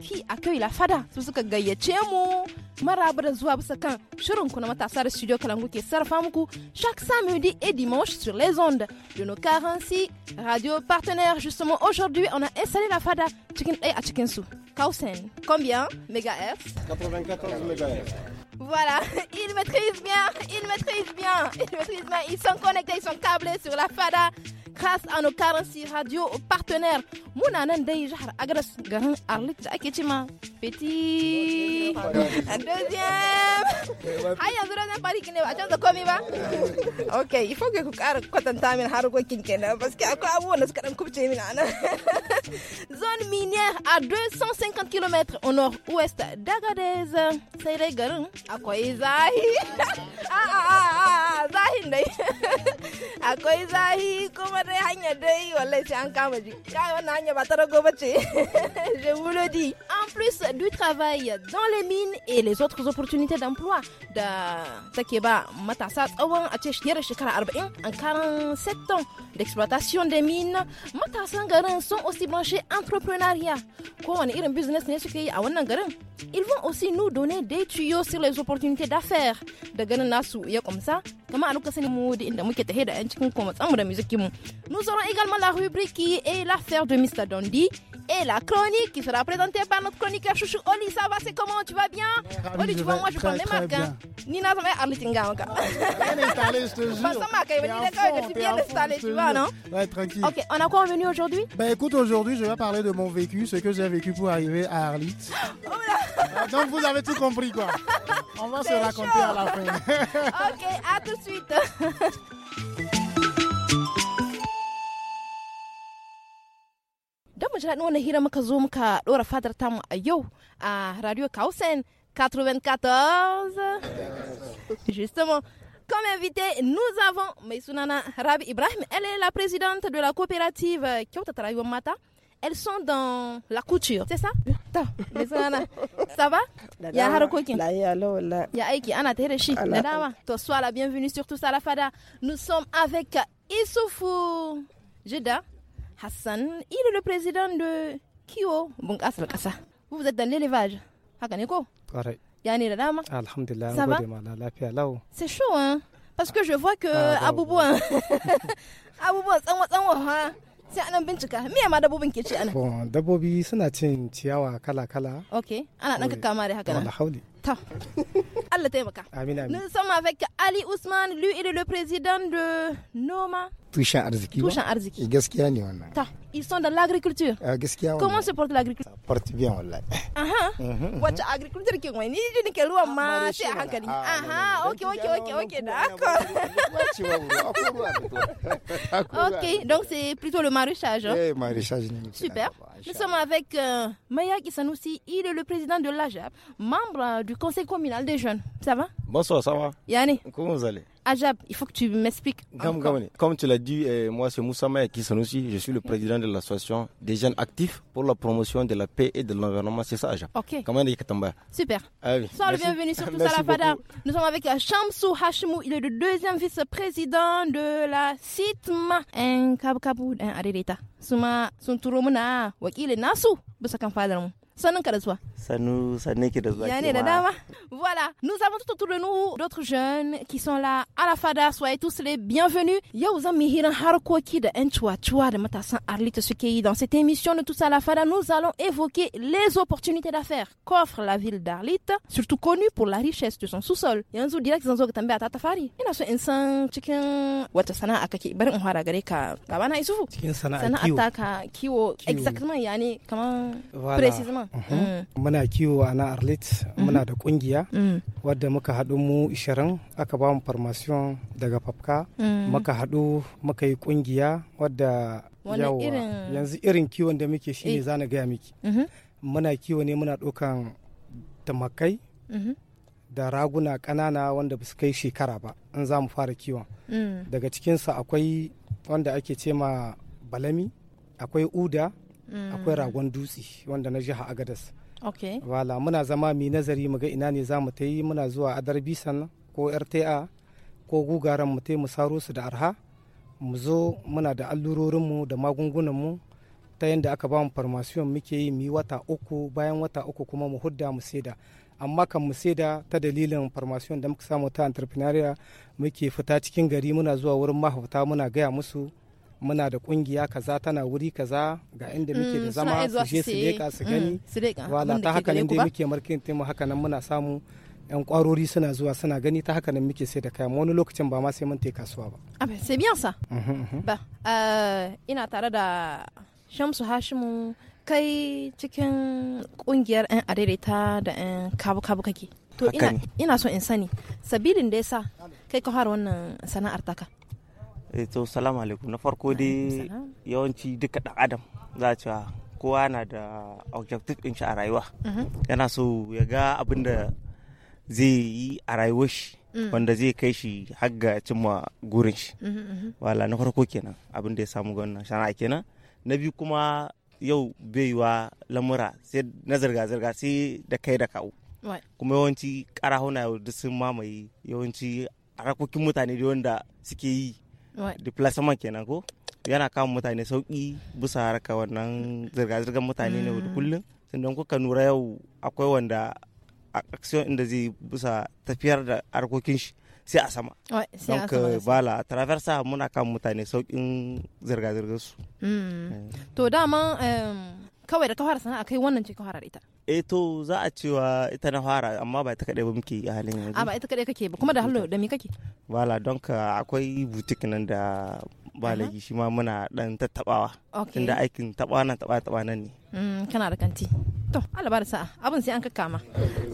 qui accueille la fada c'est suka gayyace mu maraba da zuwa bisa kan shirin na studio Kalangu ke chaque samedi et dimanche sur les ondes de nos 46 radio partenaires justement aujourd'hui on a installé la fada chicken a chicken sou. Kausen combien mégahertz 94 mégahertz voilà, ils maîtrisent bien, ils maîtrisent bien, ils maîtrisent bien, ils sont connectés, ils sont câblés sur la FADA grâce à nos 46 radios partenaires. Muna nan Jahar agress, Agras garin Arlit da petit deuxième. Har yanzu deuxième fari ne ba a canza komai va Ok, il faut que ku ƙara kwatanta min harkokin kenan parce que akwai abubuwan da suka dan kubce min a nan. Zone minière à 250 km au nord-ouest d'Agadez. Sai dai garin ah zahi. Ah, ah ah zahin dai. Akwai zahi kuma dai hanya dai wallahi an kama ji kai wannan hanya ba ta rago je vous le dis en plus du travail dans les mines et les autres opportunités d'emploi da take ba matasa tsawon a ce shiyar shekara 40 en 47 ans d'exploitation des mines matasan garin sont aussi branchés entrepreneuriat kowane irin business ne suke yi a wannan garin ils vont aussi nous donner des tuyaux sur les opportunités d'affaires da ganin nasu ya kumsa nous aurons également la rubrique et l'affaire de Mr Dondi et la chronique qui sera présentée par notre chroniqueur chouchou Oli ça va c'est comment tu vas bien Oli tu vois moi je prends mes marques hein. Nina ça va arlitinga encore bien ah, installé je te jure bah, ça je suis tu vois non ouais tranquille ok on a quoi revenu aujourd'hui ben écoute aujourd'hui je vais parler de mon vécu ce que j'ai vécu pour arriver à Arlit oh donc vous avez tout compris quoi. On va se raconter à la fin. ok, à tout de suite. Don mu ji daɗin wannan hira muka zo muka ɗora a yau à Radio Kausen 94. Justement, Comme invité, nous avons Maisunana Rabi Ibrahim. Elle est la présidente de la coopérative Kyoto Mata elles sont dans la couture, c'est ça Ça va Il y a Harukoki. Il y a Aiki, Anna Tereshi, Toi, sois la bienvenue sur Tout ça, Nous sommes avec Issoufou Jeda Hassan. Il est le président de Kio Bungasrakasa. Ah, vous, vous êtes dans l'élevage. Hakaneko Yani Nadama Alhamdulillah. Ça va C'est chaud, hein Parce que je vois que ah, Aboubouan. hein. hein. sai anan bincika miya ma dabobin ke ci anan dabbobi suna cin ciyawa kala kala okay ana dan kama da haka na To. Allah taimaka. Amin amin. Nous sommes avec Ali Ousmane, lui il est le président de Noma. Touchant Arziki. Touchant Arziki. Gaskiya ne wannan. Ta, ils sont dans l'agriculture. Ah euh, gaskiya Comment se porte l'agriculture? Ça porte bien wallahi. Aha. Mhm. Wacce agriculture ke wani ni ne ke ruwan ma sai a hankali. Aha, OK OK OK OK d'accord. OK, donc c'est plutôt le maraîchage. Hein. Eh maraîchage. Super. Nous sommes avec euh, Maya il est le président de l'AJAP, membre du conseil communal des jeunes ça va Bonsoir, ça va Yanni Comment vous allez Ajab, il faut que tu m'expliques. Comme tu l'as dit, eh, moi c'est Moussa Maya aussi je suis le président de l'association des jeunes actifs pour la promotion de la paix et de l'environnement, c'est ça Ajab. Ok. Comment est Super. Ah Sois le bienvenu sur tout ça la Nous sommes avec euh, Shamsou Hashimou, il est le deuxième vice-président de la CITMA. Un kabu kaboud un Souma, son est fadam. Voilà, nous avons tout autour de nous d'autres jeunes qui sont là à la fada. Soyez tous les bienvenus. Dans cette émission de Tous à la fada, nous allons évoquer les opportunités d'affaires qu'offre la ville d'Arlit, surtout connue pour la richesse de son sous-sol. Yanzu direct zanzo tambe a tatafari. Ina so in san cikin wata sana'a kake bari in fara gare ka gaba na isufu. Cikin sana'a kiwo. Sana'a ta ka kiwo exactement yani kaman précisément Mhm. Mm. muna kiwo a na arlit mm. muna da kungiya mm. wadda muka haɗu mu 20 aka ba mu farmasiyon daga fafka muka haɗu muka yi kungiya wadda yanzu irin kiwon da muke shine eh. za na gaya miki mm-hmm. muna kiwo ne muna ɗaukan tamakai mm-hmm. da raguna ƙanana wanda ba su kai shekara ba in za mu fara kiwon daga cikinsa akwai wanda ake ce ma balami akwai uda akwai ragon dutse wanda na jiha agadas okay. wala muna zama mai nazari muga ina ne za mu ta yi muna zuwa adar bisan ko rta ko gugaran mu mu saro su da arha mu zo muna da allurorinmu da magungunanmu ta yadda aka ba mu farmasiyon muke yi mu wata uku bayan wata uku kuma mu hudda mu saida amma kan mu saida ta dalilin farmasiyon da muka samu ta entrepreneuria muke fita cikin gari muna zuwa wurin mahauta muna gaya musu muna da kungiya kaza tana wuri kaza ga inda mm, muke da zama su je su leka su mm, gani wala ta haka nan dai muke markin mu haka nan muna samu yan kwarori suna zuwa suna gani ta haka nan muke sai da kayan wani lokacin ba ma sai mun tai kasuwa ba ah ben c'est sa. ba mhm, mhm. Eh, ina tare da Shamsu Hashimu kai cikin kungiyar yan ta da yan kabu-kabu kake to ina so in sani sabilin da yasa kai ka fara wannan sana'ar taka Eh, to salamu alaikum na farko dai yawanci duka dan adam za a cewa kowa na da objective in shi a rayuwa mhm. yana so ya ga abin da zai yi a rayuwar shi mm. wanda zai kai shi har ga cimma gurin shi mhm, mhm. wala na farko kenan abin da ya samu gwamna shana kenan na biyu kuma yau baiwa lamura sai na zirga-zirga sai da kai da kawo kuma yawanci karahuna yau duk sun mamaye yawanci harkokin mutane da wanda suke yi Displacement kenan ko? Yana kawo mutane sauki bisa harka wannan zirga-zirgar mutane ne da mm. kullum. Sannan kuka nura yau akwai wanda action inda zai bisa tafiyar da harkokin shi sai a sama. Don ka bala a traversa muna kan mutane saukin zirga-zirgar su. Mm. Eh. To dama kawai da kawar sana'a kai wannan ce kawar ita. e to za a cewa ita na fara amma ba ita kadai ba muke a halin yanzu amma ita kadai kake ba kuma da hallo da me kake wala don ka akwai butik nan da ba balagi shi ma muna dan tattabawa inda aikin taba nan taba taba nan ne mm, kana da kanti to Allah ba da sa'a abin sai an kakkama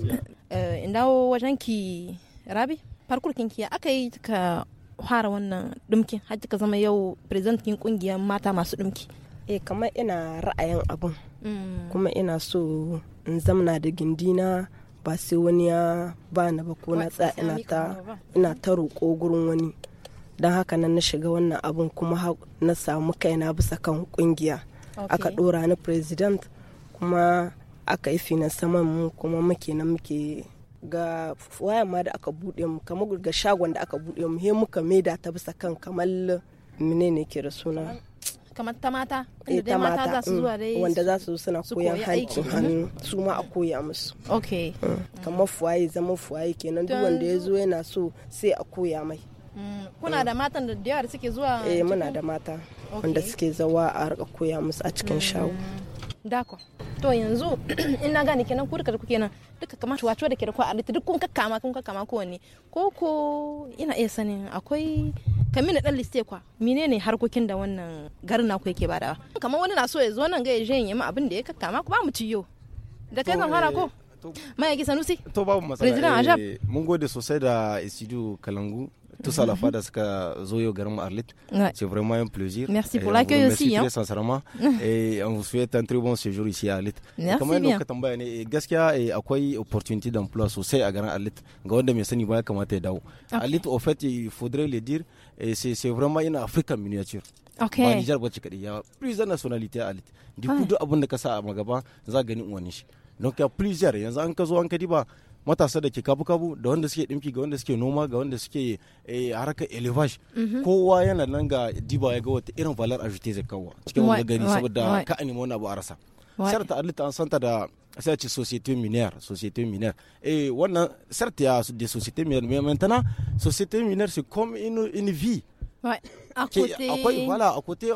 eh, in dawo wajen ki rabi farkur kinki aka yi ka fara wannan dumkin har ka zama yau president kin kungiyar mata masu dumki eh kamar ina ra'ayin abun mm. kuma ina so in zamana da gindina ba sai wani ya bani ba ko na tsa ina ta roƙo gurin wani don haka nan na shiga wannan abin kuma na samu kaina bisa kan kungiya aka ɗora ni president kuma aka yi finan saman mu kuma muke na muke ga waya ma da aka buɗe mu kamar ga shagon da aka buɗe mu he muka maida ta bisa kan kamar menene ke da suna kamar ta mata inda eh, dai mata za su mm, zuwa dai wanda za su suna koyan hankin hannu mm-hmm. su ma a koya musu okay mm. kamar fuwaye zama fuwaye kenan duk wanda ya zo yana so sai a koya mai mm. kuna da matan da da suke zuwa eh muna da mata wanda suke zawa a harka koya musu a cikin shago dako to yanzu in na gane kenan ku duka kuke kenan duka kamata wato da ke da ku a duk kun kakkama kun kakkama kowanne ko ko ina iya sanin akwai kamin da dan liste kwa menene harkokin da wannan garin na ku yake badawa kamar wani na so ya zo nan ga yaje yin yamma abin da ya kakkama ku ba mu ciyo da kai zan fara ko eh, mai yake sanusi to babu matsala eh, mun gode sosai da isidu kalangu tous à la fois dans ce cas Zoyo Garmo Arlit. C'est vraiment un plaisir. Merci pour l'accueil aussi. Merci hein. sincèrement. et on vous souhaite un très bon séjour ici à Arlit. Merci kamar yadda kuka tambaya ne gaskiya akwai opportunity d'emploi sosai a garin Arlit ga wanda mai sani ba ya kamata ya dawo. Arlit au fait il faudrait le dire c'est vraiment une Afrique en miniature. Okay. Ba Nijar bace kadai ya plusieurs nationalités Arlit. Du coup, abin da ka sa a magaba za gani uwanin shi. Donc il y a plusieurs yanzu an ka zo an ka diba matasa da ke kabu-kabu da wanda suke ɗinki ga wanda suke noma ga wanda suke eh, harkar elevage mhm. kowa yana nan ga diba ya ga wata irin valar ajite zai kawo cikin wani gari saboda ka a nemi wani abu a rasa sarta alita an santa da sai ce société minière société minière eh wannan certes il y a des sociétés minières mais maintenant société minière c'est comme une une vie ouais à côté akwai voilà à côté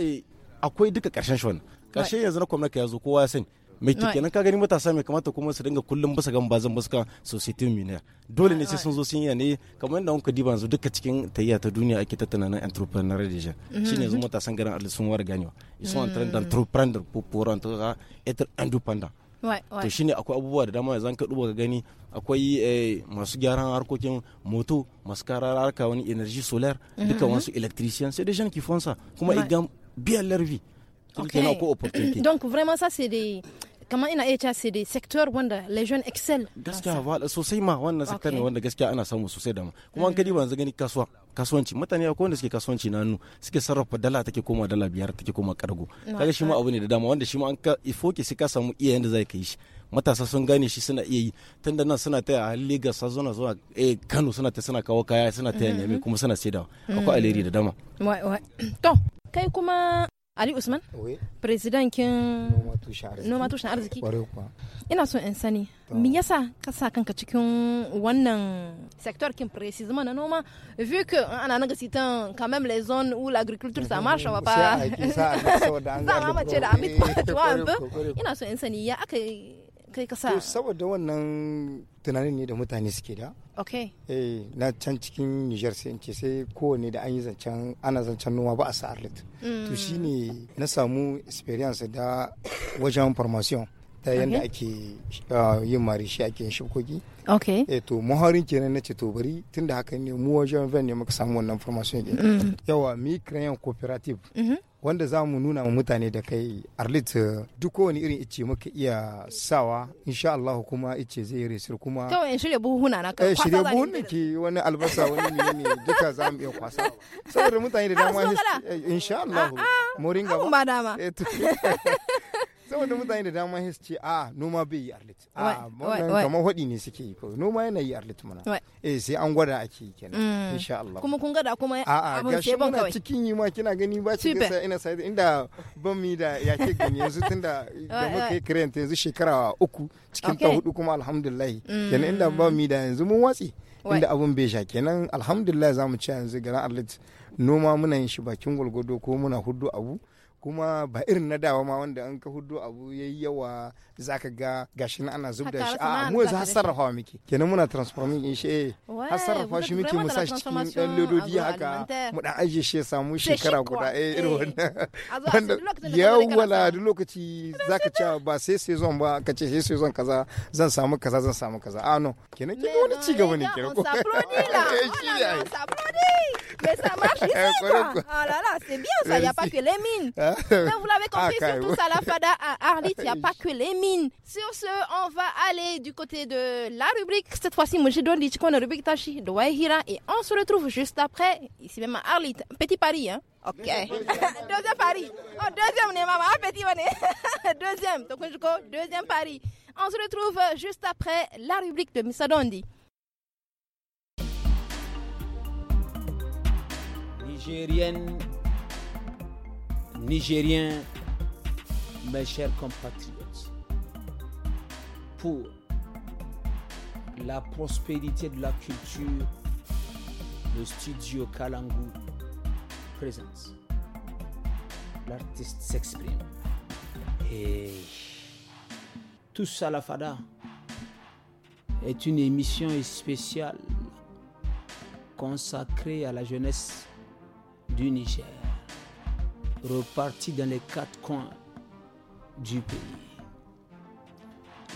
eh, akwai duka karshen shi wannan karshen yanzu na gwamnati ya zo kowa ya sani mai kenan ka gani matasa mai kamata kuma su dinga kullum basa gan bazan baska society millionaire dole ne sai sun zo sun yi ne kamar yadda wanka diba yanzu duka cikin tayyata ta duniya ake tattauna na entrepreneur da shi mhm. shine yanzu matasan garin arli sun war ganewa ils sont trend train d'entreprendre pour pour en tout cas être to shine akwai abubuwa da dama yanzu ka duba ka gani akwai eh, masu gyaran harkokin moto masu karar harka wani energy solar duka wasu mhm. electrician sai da shan kifonsa kuma igam biyan larvi opportunity okay. ko opportunity donc vraiment ça c'est des comment il a été c'est des secteurs da sector wanda legion excel gaskiya wala sosai ma wannan sector ne wanda gaskiya ana samu sosai da mu kuma an mm. kadi ba yanzu gani kasuwa kasuwanci mutane akwai wanda suke kasuwanci na hannu suke sarrafa dala take koma dala biyar take koma kargo kaga shi ma abu ne da dama wanda shi ma an ka ifoke sai ka samu iya yanda zai kai shi matasa sun gane shi suna iya yi tunda nan suna taya a Lagos sa zona zuwa eh Kano suna ta suna kawo kaya suna taya mm-hmm. Niamey kuma suna sai da mm-hmm. akwai aleri da dama to kai kuma Ali Usman? Oui. President kin noma tushen arziki. Ina so in sani, me yasa ka sa kanka cikin wannan secteur kin précisément na noma vu que ana nan gasitan quand même les zones où l'agriculture ça marche on va pas. Ça ma ce da amit tu vois un peu. Ina so in sani ya aka kai ka sa. Saboda wannan tunanin ne da mutane suke da. okay eh na can cikin Niger sai in ce sai kowane da an yi zancen ana zancen noma ba a sa arlit to mm. shine na samu experience da wajen formation ta yadda ake ah, yin shi ake yin shukoki. okay eh, to muharin kenan na ce to bari da haka ne mu wajen ven ne muka samu wannan formation mm. yawa mi crayon cooperative mm-hmm. wanda za mu nuna wa mutane da kai arlit eh, duk kowane irin ice muka iya sawa insha Allah kuma ice zai resir kuma kawai in shirya buhuna na kai eh, shirya buhunan ki wani albasa wani ne duka za mu iya kwasa saboda mutane da dama eh, insha Allah ah, ah, moringa ba saboda mutane da dama his ce a ah, noma bai yi arlit a ah, wannan kamar hudi ne suke yi kawai noma yana yi arlit mana eh sai an gwada ake yi kenan mm. insha Allah kuma kun gada kuma a a gashi muna cikin yi ma kina gani ba ci gasa ina sai inda ban mi da ya ke gani yanzu tunda da muka yi kiran yanzu shekara uku cikin ta hudu kuma alhamdulillah mm. kenan inda ban mi da yanzu mun watsi inda abun bai sha kenan alhamdulillah zamu ci yanzu garan arlit noma muna yin shi bakin gwalgwado ko muna hudu abu kuma ba irin na dawa ma wanda an ka hudu abu ya yi yawa za ka ga gashi na ana zub da shi a mu yanzu har wa muke kenan muna transforming in shi eh. har sarrafa shi muke mu shi cikin dan lododi haka mu dan aje shi ya samu shekara guda eh irin eh. wannan wanda yawwala duk lokaci ka ce ba sai season ba ka ce sai season kaza zan samu kaza zan samu kaza a ah, no kenan kin wani ci gaba eh, ne kenan ko sabrodi la sabrodi Mais ça marche eh, ici, quoi. Oh là là, c'est bien ça, il n'y a pas que les mines. Ah. vous l'avez compris, ah, surtout ça, la fada à Arlit, il n'y a pas que les mines. Sur ce, on va aller du côté de la rubrique. Cette fois-ci, connais la rubrique Tachi, de Waihira. Et on se retrouve juste après, ici même à Arlit. Petit pari, hein. Ok. deuxième pari. Oh, on deuxième, maman. Petit, Deuxième. Donc, deuxième pari. On se retrouve juste après la rubrique de Missadondi. Nigérienne, Nigérien, mes chers compatriotes, pour la prospérité de la culture, le studio Kalangu présente. L'artiste s'exprime. Et tout ça la Fada est une émission spéciale consacrée à la jeunesse du Niger, reparti dans les quatre coins du pays.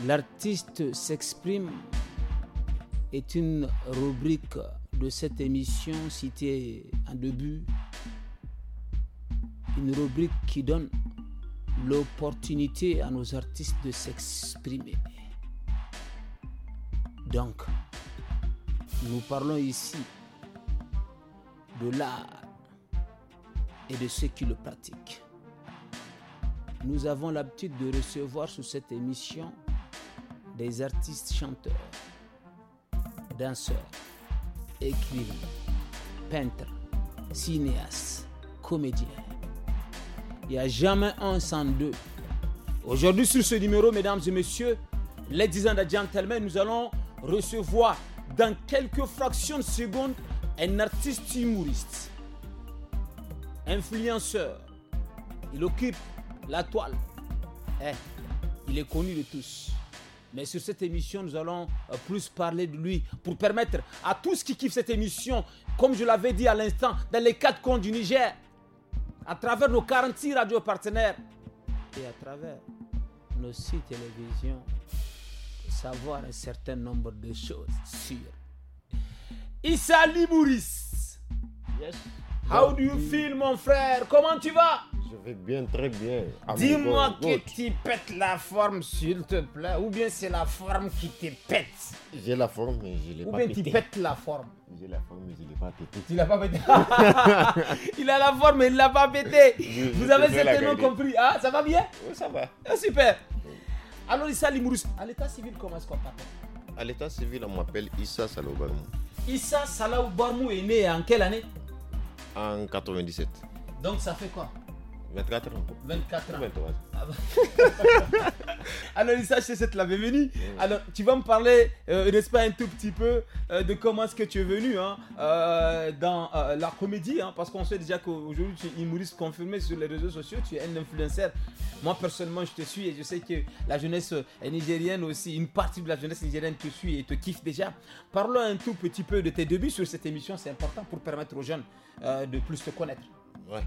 L'artiste s'exprime est une rubrique de cette émission citée en début, une rubrique qui donne l'opportunité à nos artistes de s'exprimer. Donc, nous parlons ici de l'art et de ceux qui le pratiquent. Nous avons l'habitude de recevoir sur cette émission des artistes chanteurs, danseurs, écrivains, peintres, cinéastes, comédiens. Il n'y a jamais un sans deux. Aujourd'hui sur ce numéro, mesdames et messieurs, les ladies and gentlemen, nous allons recevoir dans quelques fractions de secondes un artiste humoriste influenceur. Il occupe la toile. Eh, il est connu de tous. Mais sur cette émission, nous allons euh, plus parler de lui pour permettre à tous qui kiffent cette émission, comme je l'avais dit à l'instant, dans les quatre coins du Niger, à travers nos 46 radios partenaires et à travers nos sites télévisions, de savoir un certain nombre de choses sur Issa Limouris. Yes. How do you feel, mon frère Comment tu vas Je vais bien, très bien. Dis-moi que tu pètes la forme, s'il te plaît, ou bien c'est la forme qui te pète. J'ai la forme, mais je l'ai pas pété. Ou bien tu pètes la forme. J'ai la forme, mais je l'ai pas pété. Tu l'as pas pété Il a la forme, mais il l'a pas pété. Vous avez certainement compris. Ah, ça va bien Oui, ça va. Ah, super. Alors, Issa Limourous, à l'état civil, comment est-ce qu'on t'appelle À l'état civil, on m'appelle Issa Salaubarmou. Issa Saloubarmu est né en quelle année en 97. Donc ça fait quoi 24 ans. 24 ans. 23 ans. Ah Alors, il c'est cette la bienvenue. Alors, tu vas me parler, euh, n'est-ce pas, un tout petit peu euh, de comment est-ce que tu es venu hein, euh, dans la comédie, hein, parce qu'on sait déjà qu'aujourd'hui, tu es humoriste confirmé sur les réseaux sociaux, tu es un influenceur. Moi, personnellement, je te suis et je sais que la jeunesse nigérienne aussi, une partie de la jeunesse nigérienne te suit et te kiffe déjà. Parlons un tout petit peu de tes débuts sur cette émission, c'est important pour permettre aux jeunes de plus te connaître. Ouais.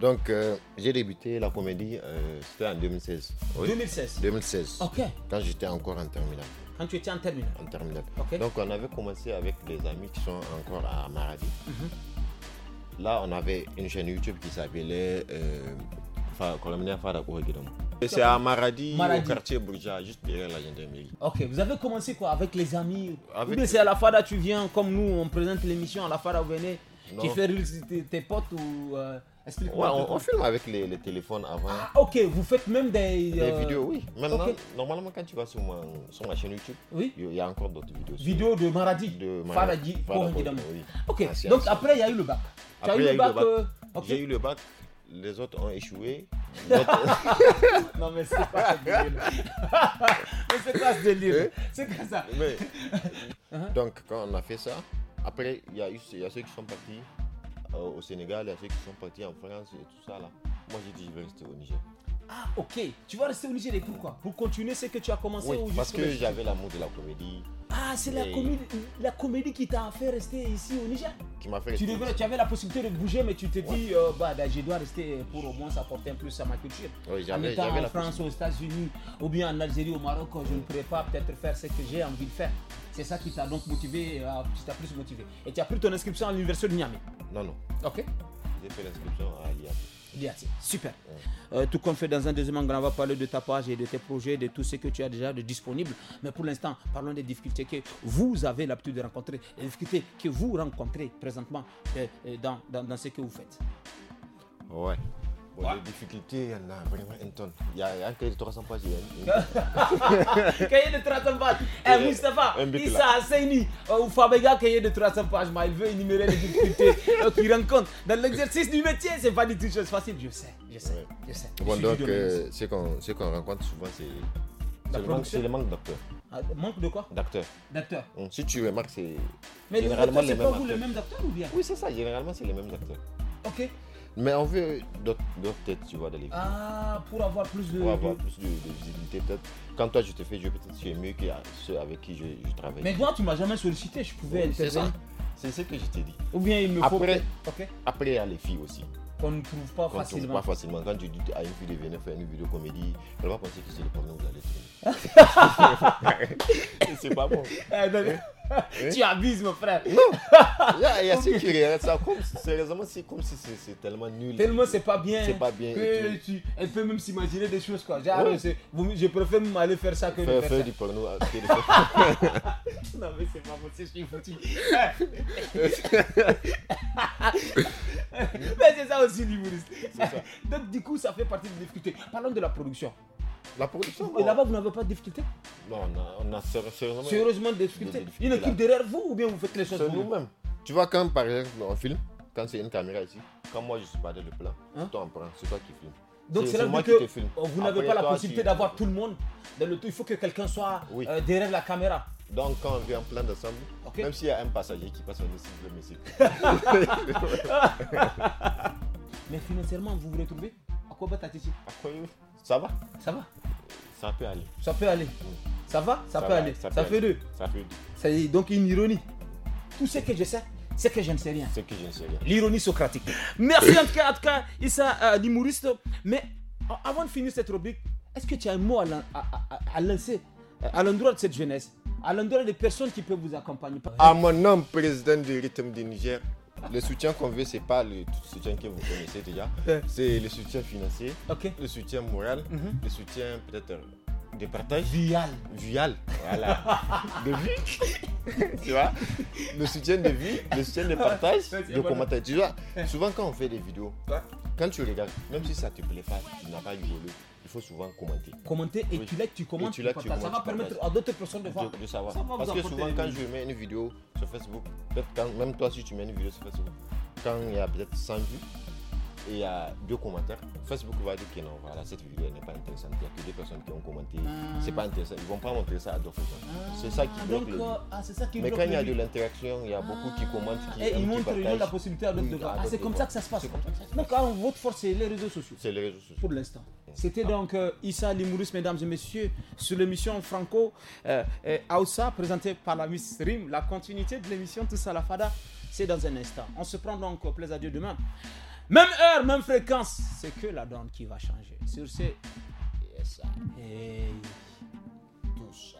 Donc, euh, j'ai débuté la comédie, euh, c'était en 2016. 2016 2016. Ok. Quand j'étais encore en terminale. Quand tu étais en terminale En terminale. OK. Donc, on avait commencé avec les amis qui sont encore à Maradi. Mhm. Là, on avait une chaîne YouTube qui s'appelait euh, Colomnia Fada C'est à Maradi, au quartier Bourja, juste derrière la gendarmerie. Ok, vous avez commencé quoi Avec les amis c'est à la Fada, tu viens, comme nous, on présente l'émission à la Fada, vous venez, tu fais rire tes potes ou on, on, filme avec les, téléphones avant. Ah, ok, vous faites même des. Des euh, vidéos, oui. normalement, quand tu vas sur ma, chaîne YouTube, oui. il y a encore d'autres vidéos. Vidéo de Maradi. De Maradi. Ok, ah, donc après, il y a eu le bac. Tu as eu, le bac. Euh, J'ai eu le bac les autres ont échoué. non, mais c'est pas ce délire. mais c'est pas ce délire C'est quoi hein? ça uh-huh. Donc, quand on a fait ça, après, il y, y a ceux qui sont partis euh, au Sénégal, il y a ceux qui sont partis en France et tout ça là. Moi j'ai dit je vais rester au Niger. Ah, ok, tu vas rester au Niger et pourquoi Pour continuer ce que tu as commencé oui, Parce que j'avais l'amour de la comédie. Ah, c'est la, comédie, la comédie qui t'a fait rester ici au Niger Qui m'a fait tu, tu avais la possibilité de bouger, mais tu t'es dis, dit, euh, bah, bah, je dois rester pour au moins apporter un plus à ma culture. Oui, en étant en France, aux États-Unis, ou bien en Algérie, au Maroc, je ne pourrais pas peut-être faire ce que j'ai envie de faire. C'est ça qui t'a donc motivé, euh, qui t'a plus motivé. Et tu as pris ton inscription à l'université de Niamey Non, non. Ok. J'ai fait l'inscription à l'IAP. Super. Euh, tout comme fait dans un deuxième angle, on va parler de ta page et de tes projets, de tout ce que tu as déjà de disponible. Mais pour l'instant, parlons des difficultés que vous avez l'habitude de rencontrer, les difficultés que vous rencontrez présentement euh, euh, dans ce que vous faites. Ouais. Les difficultés, il y en a vraiment une tonne. Il y, a, un cahier de 300 pages. Il y a une... cahier de 300 pages. Eh, Issa Hasseini, euh, ou Fabega, cahier de 300 pages. Mais il veut énumérer les difficultés euh, qu'il rencontre dans l'exercice du métier. Ce n'est pas du tout chose facile. Je sais, je sais, je sais. Bon, donc, euh, ce qu'on rencontre souvent, c'est. le manque d'acteurs. Ah, manque de quoi D'acteurs. D'acteurs. Hum, si tu remarques, c'est. Mais généralement les mêmes. C'est pas vous le même docteur ou bien Oui, c'est ça. Généralement, c'est les mêmes acteurs. Ok. Mais on veut d'autres têtes, tu vois, dans les Ah, pour avoir plus de. Pour avoir plus de, visibilité, peut-être. Quand toi, je te fais je peut-être tu es mieux que ceux avec qui je, travaille. Mais toi, tu m'as jamais sollicité, je pouvais oui, C'est ça. C'est ce que je t'ai dit. Ou bien il me faut. Après, après, il y a les filles aussi qu'on ne trouve pas facilement. Quand tu dis à une fille de venir faire une vidéo comédie, elle va penser que c'est le porno que vous allez faire. c'est pas bon. Eh, eh, eh. tu abuses, mon frère. Il y a, ceux qui regardent ça comme c'est comme si c'est tellement nul. Tellement c'est pas bien. C'est pas bien. elle peut même s'imaginer des choses quoi. je préfère m'aller faire ça que faire, de faire, du porno. non mais c'est pas c'est c'est Mais c'est ça aussi l'humoriste. Donc du coup, ça fait partie des difficultés. Parlons de la production. La production Et là-bas, vous n'avez pas de difficultés Non, on a, sérieusement, sérieusement des difficultés. Une équipe derrière vous ou bien vous faites les choses C'est nous-mêmes. Tu vois, quand par exemple on filme, quand c'est une caméra ici, quand moi je suis pas dans le plan, hein? toi on prend, c'est toi qui filmes. Donc c'est là que vous n'avez pas la possibilité d'avoir tout le monde dans le Il faut que quelqu'un soit euh, derrière la caméra. Donc, quand on vient en plein d'ensemble, même s'il y a un passager qui passe, au dessus de le Mais financièrement, vous vous retrouvez À quoi À ici Ça va. Ça va Ça peut aller. Ça peut aller. Ça va Ça, peut aller. Ça, fait deux. Ça fait deux. donc une ironie. Tout ce que je sais, c'est que je ne sais rien. C'est que je ne sais rien. L'ironie socratique. Merci en tout cas, Issa euh, Mais euh, avant de finir cette rubrique, est-ce que tu as un mot à lancer euh, à l'endroit de cette jeunesse à l'endroit des personnes qui peuvent vous accompagner. À mon nom, président du rythme du Niger, le soutien qu'on veut, c'est pas le soutien que vous connaissez déjà. C'est le soutien financier, le soutien moral, mhm. le soutien peut-être de partage. Vial. Vial. Voilà. de vie. tu vois Le soutien de vie, le soutien de partage, de commentaire. Tu vois, souvent quand on fait des vidéos, quand tu regardes, même si ça te plaît pas, tu n'as pas évolué souvent commenter. Commenter et tu likes, tu commentes, tu, tu, Ça va permettre à d'autres personnes de, voir. De, savoir. Parce que souvent, quand je mets une vidéo sur Facebook, quand, même toi, si tu mets une vidéo sur Facebook, quand il y a peut-être 100 vues, et il y a deux commentaires. Facebook va dire que non, voilà, cette vidéo n'est pas intéressante. Il y a que deux personnes qui ont commenté. Ah. C'est pas intéressant. Ils vont pas montrer ça à d'autres gens. Ah. C'est ça qui ah, bloque. Donc, euh, Mais quand il y a de l'interaction, il y a beaucoup qui commentent, qui Et eh, ils montrent la possibilité à d'autres de voir. c'est comme, ça que ça se passe. Donc, votre force, c'est les réseaux sociaux. C'est les réseaux sociaux. Pour l'instant. Mm. C'était donc euh, Issa Limouris, mesdames et messieurs, sur l'émission Franco euh, Aoussa, présentée par la Miss Rim. La continuité de l'émission tout ça la Fada, c'est dans un instant. On se prend donc au plaisir à demain. Même heure, même fréquence. C'est que la donne qui va changer. Sur ce, yes, hey. tout ça.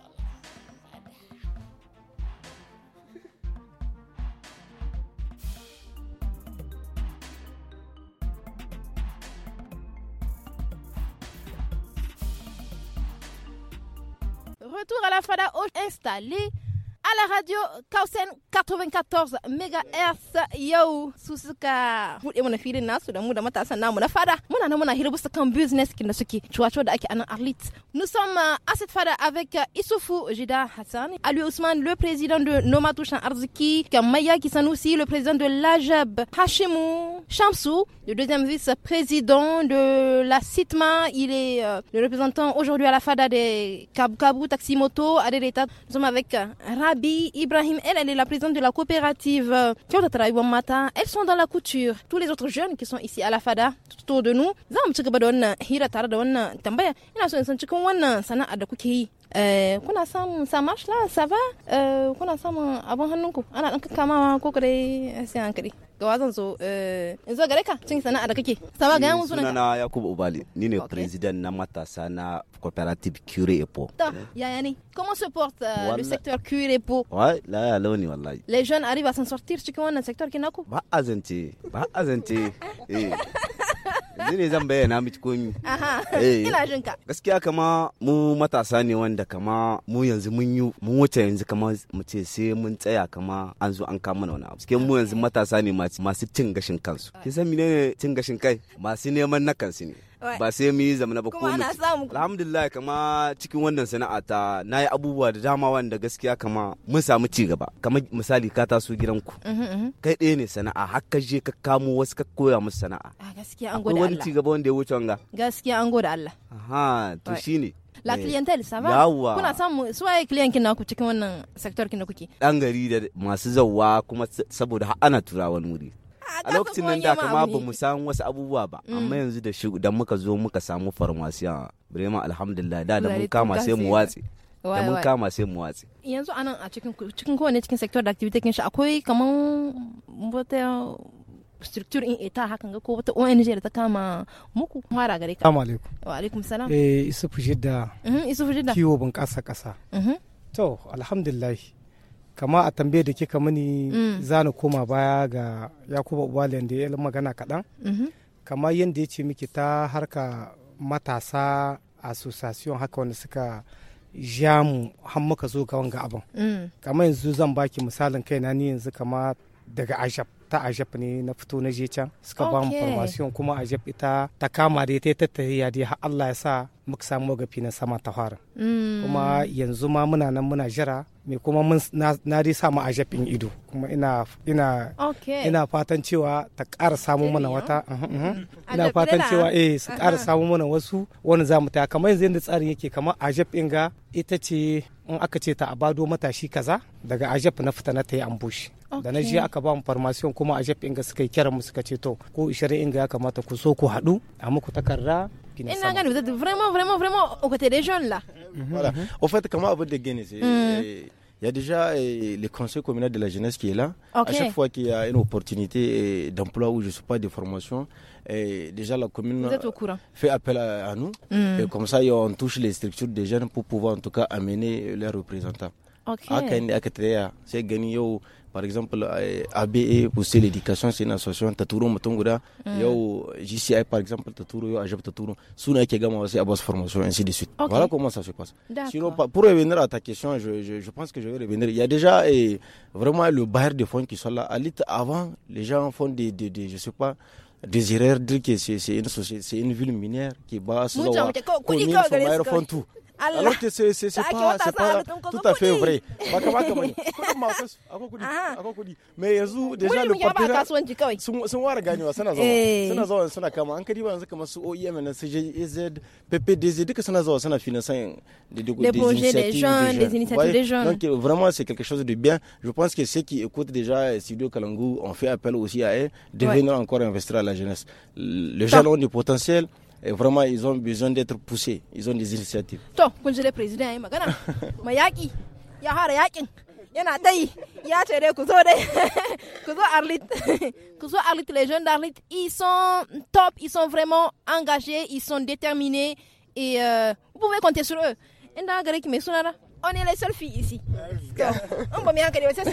Retour à la fada installée a la radio kausen 94 MHz yo su suka buɗe mana da matasan namu na fada muna nan muna hirbu kan business kin da suke cuwaco da ake anan arlit nous sommes euh, à cette fada avec euh, Issoufou Jida Hassan Ali Ousmane le président de Noma Touchan qui Kamaya aussi, le président de l'Ajab Hashimou Chamsou le deuxième vice-président de la CITMA il est euh, le représentant aujourd'hui à la fada des Kabkabu Taximoto Adereta nous sommes avec Rabi Rabi Ibrahim, elle, elle est la présidente de la coopérative Elles sont dans la couture. Tous les autres jeunes qui sont ici à la FADA, tout autour de nous, Zam mu ci gaba da wannan hira tare da wannan tambaya. Ina so in san cikin wannan sana'a da kuke yi. kuna euh, samun ça marche là, ça va? euh, kuna samun abun hannunku? Ana dan ga wazan so eh, in zo gare ka cin sana'a da kake sawa ga yan sunan eh, na yakubu ubali ni ne president na matasa na cooperative cure epo ya ne comment se porte eh, le secteur cure epo ouais la launi wallahi les jeunes arrivent à s'en sortir cikin wannan secteur kinaku ba azance ba azance eh yanzu ne zan bayyana miki komi eh. ina jin ka gaskiya kama mu matasa ne wanda kama mu yanzu mun yi mun wuce yanzu kama mu ce sai mun tsaya kama an zo an kama wani abu cikin mu yanzu matasa ne masu cin gashin kansu kin san menene cin gashin kai masu neman na kansu ne ba sai mu yi zamana ba ko alhamdulillah kama cikin wannan sana'a ta na yi abubuwa da dama wanda gaskiya kama mun samu ci gaba kama misali ka taso gidanku mhm, mhm. kai ɗaya ne sana'a har ka je ka kamo wasu ka koya musu sana'a ah, gaskiya an gode Allah ci gaba wanda ya wuce wanga gaskiya an gode Allah aha to shine la eh. clientele ça va yawa kuna samu su waye client kin naku cikin wannan sector kin da kuke dan gari da masu zawwa kuma saboda ana tura wani wuri Ah, a lokacin nan da kama ba mu san wasu abubuwa ba mm. amma yanzu da shi da muka zo muka samu farmasiya Birema alhamdulillah da da mun kama sai mu watse da mun kama sai mu watse yanzu anan a cikin cikin kowane cikin sector da activity kin shi akwai kaman wata structure in eta hakan ga ko wata ONG da ta kama muku fara gare ka assalamu alaikum wa alaikum salam eh isufu mhm isufu jidda kiwo bunƙasa ƙasa mhm. to alhamdulillah kama a tambaye da kika mani. Mm. za na koma baya ga yakuba ubalen da ya magana kaɗan mm-hmm. kama yadda ya ce miki ta harka matasa association haka wanda suka ja mu har muka zo ga wanga abin mm. kama yanzu zan baki misalin kaina ni yanzu kama daga ajab ta ajab ne na fito na je can suka ba mu formation kuma ajab ita ta kama da ta ya dai har Allah ya sa muka samu wagafi na sama ta fara mm. kuma yanzu ma muna nan muna jira mai kuma mun na dai samu a jafin ido kuma ina fatan cewa ta ƙara samu mana wata uh-huh, uh-huh. Mm. ina fatan cewa eh su uh-huh. ƙara samu mana wasu wani zamu ta kamar yanzu yadda tsarin yake kamar a jafin ga ita ce in aka ce ta abado matashi kaza daga ajab na fita na ta yi ambushi da na ji aka ba mu farmasiyon kuma jafin inga suka yi kiran mu suka ce to ko ishirin inga ya kamata ku so ku haɗu a muku takarda vous êtes vraiment, vraiment, vraiment aux côtés des jeunes là. Mhm. Voilà. Au fait, comment vous des mhm. il y a déjà eh, le conseil communal de la jeunesse qui est là. À chaque fois qu'il y a une opportunité eh, d'emploi ou je ne sais pas de formation, eh, déjà la commune euh, fait appel à, nous. Mhm. comme ça, on touche les structures des jeunes pour pouvoir en tout cas amener leurs représentants. Ok. Aka ah, c'est gagné. Par exemple, gani yau for l'éducation c'est une association ta turo JCI par exemple ta Ajab ta turo suna c'est Abbas formation ainsi de suite. Voilà comment ça se passe. Sinon pour revenir à ta question je, je, pense que je vais revenir il y a déjà euh, vraiment le barre de fonds qui sont là. avant les gens font des, des, je sais pas désirer dire que c'est une c'est une ville minière qui bat sur la commune, font tout. Alors que c'est c'est ah, pas c'est pas tout à fait vrai ba kamata bane kudin ma kasu akwai kudi akwai kudi me yanzu deja le partenaire sun sun wara ganewa suna zawa suna zawa suna kama an kadi ba yanzu kamar su OEM na CJZ PPDZ duka suna zawa suna financer des des projets des jeunes des initiatives des jeunes donc vraiment c'est quelque chose de bien je pense que ceux qui écoutent déjà Studio Kalangu ont fait appel aussi à eux de venir encore investir à la jeunesse les jeunes ont du potentiel et vraiment, ils ont besoin d'être poussés. Ils ont des initiatives. To, kun je le président yayi magana. Ma yaki ya qui yakin. Yana dai, y ya ce dai ku zo dai, ku zo Arlit, ku zo Arlit, les jeunes d'Arlit, ils sont top, ils sont vraiment engagés, ils sont déterminés et euh, vous pouvez compter sur eux. On est les seules filles ici. On va bien que les filles,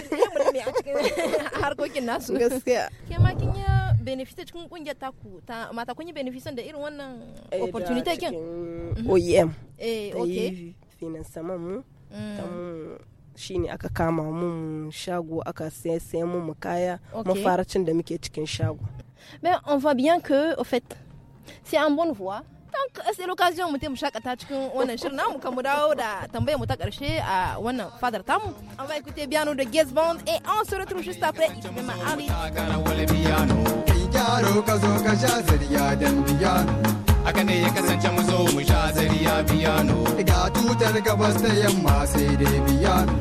on benefice cikin kungiyar ta ku ta mata kun yi benefisan da irin wannan eh, opportunity kin OEM mhm. e eh okay finansaman mu mm. shine aka kama mun shago aka sayan mun kaya mafaracin da muke cikin shago mais on voit bien que au fait c'est en bonne voie donc c'est l'occasion mu taimu shakata cikin wannan shirin namu kan mu dawo da tambayar mu ta karshe a wannan fadar tamu on va écouter bien piano de Gaze Bond et on se retrouve juste après Ibema Ali yaro ka zo ka sha zariya dan biyano haka ne ya kasance mu zo mu sha zariya biyano ga tutar gabas ta yamma sai dai biyano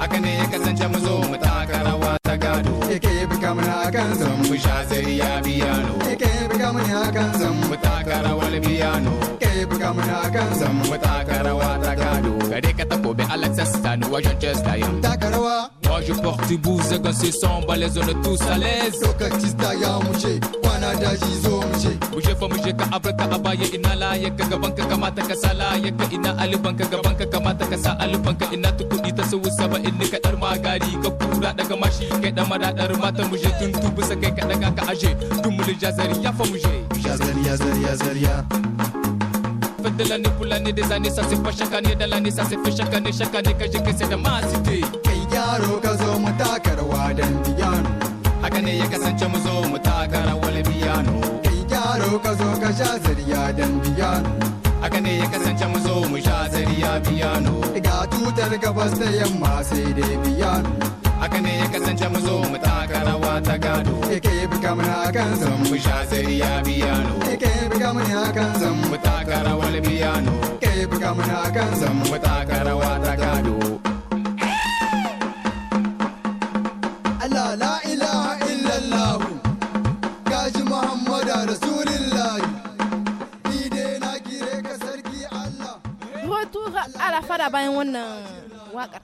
haka ne ya kasance mu zo mu taka rawa ta gado yake buga mun kan zan mu sha zariya biyano yake buga mun kan zan mu taka rawar biyano yake buga mun kan zan mu taka rawa ta gado Avec ta pobe Alexis Stan ou à Manchester Takarawa Moi je porte du bouze quand c'est sombre les zones tous à l'aise Doka kista ya mouché Wana da jizo mouché Mouché fa mouché ka abraka abaye inala Ya kaga banka kamata ka sala Ya ka ina alibanka ga banka kamata ka sa alibanka Ina tukudi ta sau saba in ka dar magari Ka kura daga mashi kai da madadar mata mouché Tun tubu sa kai ka daga ka aje Dumuli jazari ya fa mouché Jazari jazari jazari ya de l'année pour l'année des années, ça c'est pas chaque année de l'année, ça c'est fait chaque année, chaque année que j'ai c'est da ma cité. Kai yaro ka zo mu taka dan biyano, haka ne ya kasance mu zo mu taka rawar biyano. Kai yaro ka zo ka sha zariya dan biyano, haka ne ya kasance mu zo mu sha zariya biyano. Ga tutar gabas da yamma sai dai biyano. haka ne ya kasance mu zo mu taka rawa ta gado yake buga mana akan zan mu sha sai ya biyano yake buga mana akan zan mu taka rawa rawar biyano yake buga mana akan zan mu taka rawa ta gado Allah la ilaha illallah gaji Muhammadu retour à la fin da bayan wannan wakar.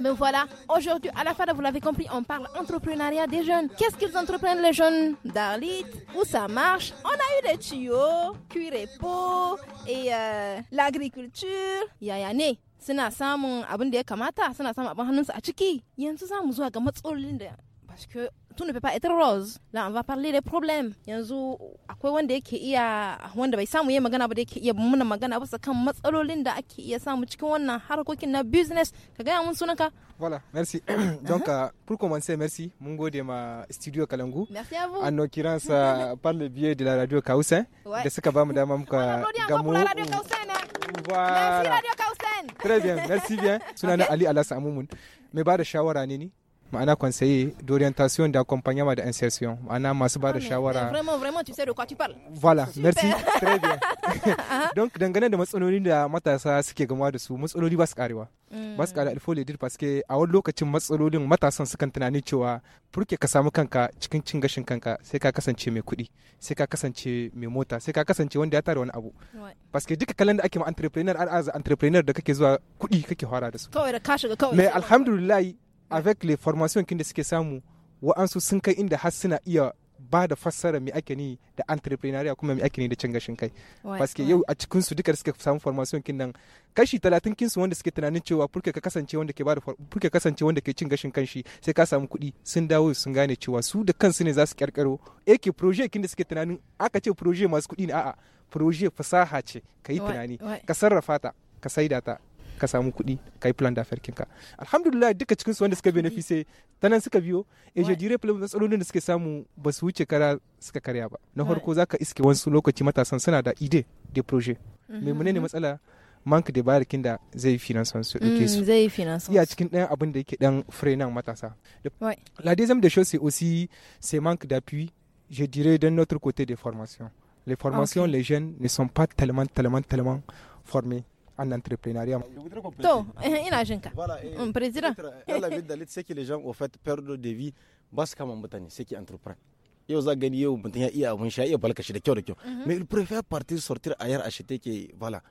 Mais voilà, aujourd'hui, à la fin, vous l'avez compris, on parle entrepreneuriat des jeunes. Qu'est-ce qu'ils entreprennent les jeunes Darlit, où ça marche On a eu les tuyaux, cuir et peau, et euh, l'agriculture. Yayane. suna samun abin da ya kamata suna samun abin hannunsu a ciki yanzu za mu zuwa ga matsalolin da parce que tout ne peut pas être rose. Là, on va parler des problèmes. Yanzu akwai wanda yake iya wanda bai samu yayi magana ba da yake iya magana ba kan matsalolin da ake iya samu cikin wannan harkokin na business. Hein, ka gaya mun sunanka. Voilà, merci. Donc, uh-huh. euh, pour commencer, merci. Mungo de ma studio Kalangu. Merci à vous. En l'occurrence, euh, par le biais de la radio Kausen. Ouais. De ce que va madame Amka Gamou. la radio Kausen. Hein. Voilà. Merci radio Kausen. Très bien, merci bien. Sunana Ali Alas Amoumoun. Me ba da shawara ne ni. ma'ana conseiller d'orientation d'accompagnement d'insertion ma'ana masu ba da ah, shawara vraiment vraiment tu sais de quoi tu parles voilà Super. merci très bien donc dangane da matsaloli da matasa suke gama da su matsaloli ba su karewa hmm. ba su kare alfole dir parce que a wani lokacin matsalolin matasan sukan tunani cewa furke ka samu kanka cikin cin gashin kanka sai ka kasance mai kuɗi sai ka kasance mai mota sai ka kasance wanda ya tare wani abu parce que duka kalan da ake ma entrepreneur an entrepreneur da kake zuwa kuɗi kake fara da su kawai da ka shiga kawai mai alhamdulillah avec les formations kin da suke samu wa'ansu sun kai inda har suna iya ba da fassara mai ake ni da entrepreneuria kuma mai ake ni da cin gashin kai que yau a cikin su duka da suka samu formation kin nan kashi 30 kin su wanda suke tunanin cewa furke ka kasance wanda ke ba da furke kasance wanda ke cin gashin kanshi sai ka samu kuɗi sun dawo sun gane cewa su da kansu ne za su kirkiro ake projet kin da suke tunanin aka ce projet masu kuɗi ne a'a projet fasaha ce ka yi tunani ka sarrafa ta ka saida ta ka samu kuɗi ka yi plan d'affaires kinka alhamdulillah duka cikin su wanda suka benefice ta nan suka biyo e je dire matsalolin da suke samu ba su wuce kara suka karya ba na farko zaka iske wani lokaci matasan suna da ide de projet me mhm. menene matsala manka da barikin da zai finance su ɗauke mm, su zai finansan ya cikin ɗayan abin da yake ɗan frenan matasa la deuxième des choses c'est aussi c'est manque d'appui je dirais d'un autre côté de formation les formations okay. les jeunes ne sont pas tellement tellement tellement formés en entrepreneuriat. To, hein, ina Voilà, ka. Président. Allah bin dalit que les gens ont fait perdre de vie parce su kama mutane qui ki Il a gagné au Montagne, il a un abun sha iya balkashi da Mais il préfère partir sortir ailleurs acheter que voilà.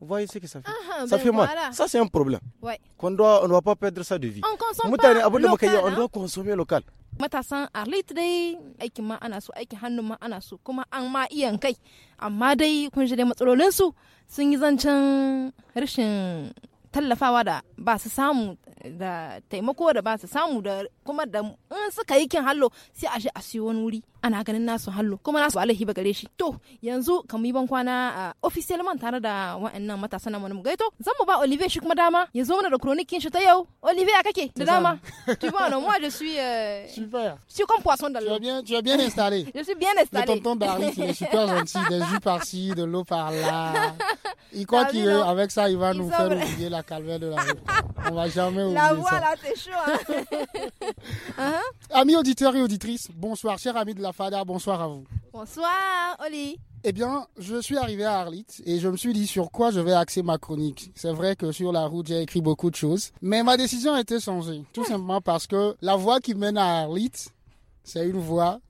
Vous voyez ce que ça fait ah, Ça ben fait mal. Ça, c'est un problème. Ouais. Qu'on doit, on ne doit pas perdre ça de vie. On consomme pas local, on doit hein. consommer local. matasan arlit dai aikin ma ana so aikin hannun ma ana so kuma an ma iyan kai amma dai kun shi dai matsalolin su sun yi zancen rashin tallafawa da ba su samu da taimako da ba su samu da kuma da in suka yi kin hallo sai a shi a siyo wani wuri ana ganin nasu hallo kuma nasu alahi ba gare shi to yanzu kan yi ban kwana ah, official man tare da wa'annan matasa na mu gaito zan mu ba Olivier shi kuma dama ya zo mana da kronikin shi ta yau Olivier a kake da dama tu vois non moi je suis euh... super je suis comme poisson dans l'eau tu bien tu es bien installé je suis bien installé le tonton d'Aris il est super gentil des jus par-ci de l'eau par-là il croit qu'avec ça il va nous faire oublier la calvaire de la route on va jamais oublier la voix là c'est chaud hein. Uh-huh. amis auditeurs et auditrices bonsoir chers amis de la bonsoir à vous. Bonsoir, Oli. Eh bien, je suis arrivé à Arlit et je me suis dit sur quoi je vais axer ma chronique. C'est vrai que sur la route, j'ai écrit beaucoup de choses, mais ma décision a été changée, tout simplement parce que la voie qui mène à Arlit, c'est une voie,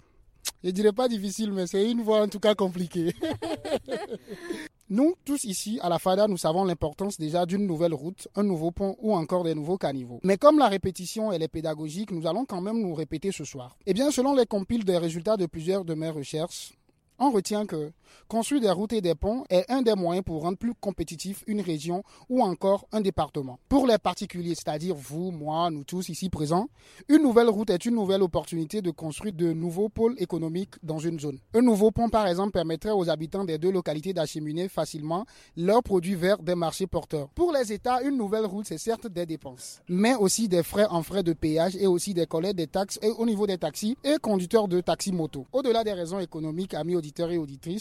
je dirais pas difficile, mais c'est une voie en tout cas compliquée. Nous, tous ici, à la FADA, nous savons l'importance déjà d'une nouvelle route, un nouveau pont ou encore des nouveaux caniveaux. Mais comme la répétition, elle est pédagogique, nous allons quand même nous répéter ce soir. Eh bien, selon les compiles des résultats de plusieurs de mes recherches, on retient que construire des routes et des ponts est un des moyens pour rendre plus compétitif une région ou encore un département. Pour les particuliers, c'est-à-dire vous, moi, nous tous ici présents, une nouvelle route est une nouvelle opportunité de construire de nouveaux pôles économiques dans une zone. Un nouveau pont, par exemple, permettrait aux habitants des deux localités d'acheminer facilement leurs produits vers des marchés porteurs. Pour les États, une nouvelle route, c'est certes des dépenses, mais aussi des frais en frais de péage et aussi des collègues des taxes et au niveau des taxis et conducteurs de taxis moto Au-delà des raisons économiques, amis auditeurs,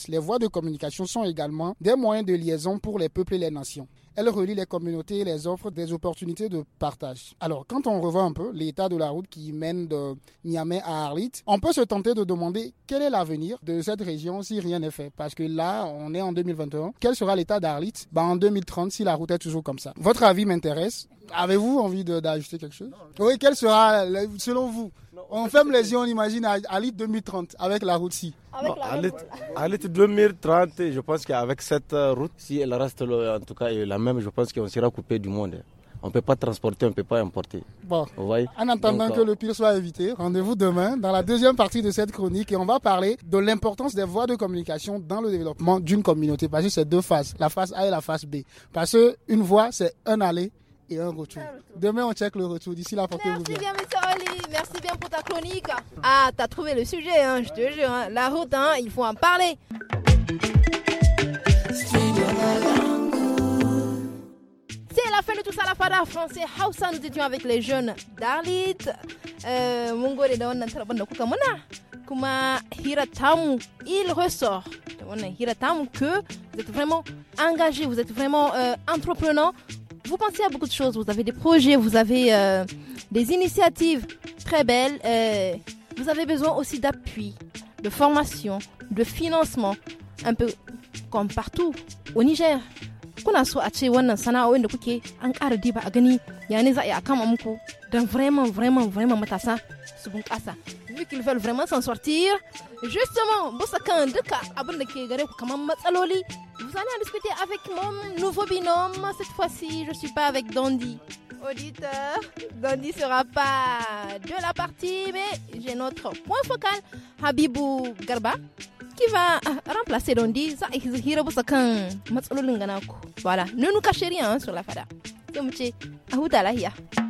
les voies de communication sont également des moyens de liaison pour les peuples et les nations. Elle relie les communautés et les offre des opportunités de partage. Alors, quand on revoit un peu l'état de la route qui mène de Niamey à Arlit, on peut se tenter de demander quel est l'avenir de cette région si rien n'est fait. Parce que là, on est en 2021. Quel sera l'état d'Arlit bah, en 2030 si la route est toujours comme ça Votre avis m'intéresse. Avez-vous envie d'ajouter quelque chose Oui, quel sera, selon vous on ferme les yeux, on imagine Arlit 2030 avec la route ci Arlit 2030, je pense qu'avec cette euh, route, si elle reste en tout cas la même je pense qu'on sera coupé du monde. On ne peut pas transporter, on ne peut pas importer. Bon, en attendant que euh, le pire soit évité, rendez-vous demain dans la deuxième partie de cette chronique et on va parler de l'importance des voies de communication dans le développement d'une communauté. Parce que c'est deux phases, la face A et la face B. Parce qu'une voie, c'est un aller et un retour. Demain, on check le retour. D'ici là, portez-vous bien. Merci bien, monsieur Oli. Merci bien pour ta chronique. Ah, t'as trouvé le sujet, hein, je te jure. Hein. La route, hein, il faut en parler de tout ça, la fada français nous étions avec les jeunes Dalit, euh, Il ressort que vous êtes vraiment engagé, vous êtes vraiment euh, Vous pensez à beaucoup de choses, vous avez des projets, vous avez euh, des initiatives très belles. Euh, vous avez besoin aussi d'appui, de formation, de financement, un peu comme partout au Niger kuna so a ce vraiment vraiment vraiment vu qu'ils veulent vraiment s'en sortir justement vous allez discuter avec mon nouveau binôme cette fois-ci je suis pas avec Dandy auditeur, ne sera pas de la partie, mais j'ai notre point focal, Habibou Garba, va remplacer Dondi za a hira bisa kan matsalolin gana ku. Voilà, ne nous cache rien hein, sur la fada. Sai mu ce a huta lahiya.